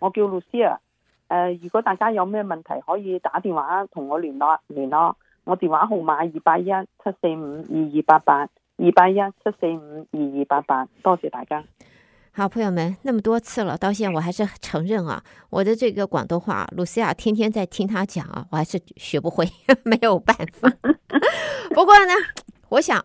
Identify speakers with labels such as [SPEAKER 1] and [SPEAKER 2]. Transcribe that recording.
[SPEAKER 1] 我叫 Lucia 啊，誒，如果大家有咩問題可以打電話同我聯絡聯絡，我電話號碼二八一七四五二二八八，二八一七四五二二八八，多謝大家。
[SPEAKER 2] 好，朋友們，那麼多次了，到現在我還是承認啊，我的這個廣東話，Lucia 啊天天在聽她講啊，我還是學不會，呵呵沒有辦法。 不過呢，我想。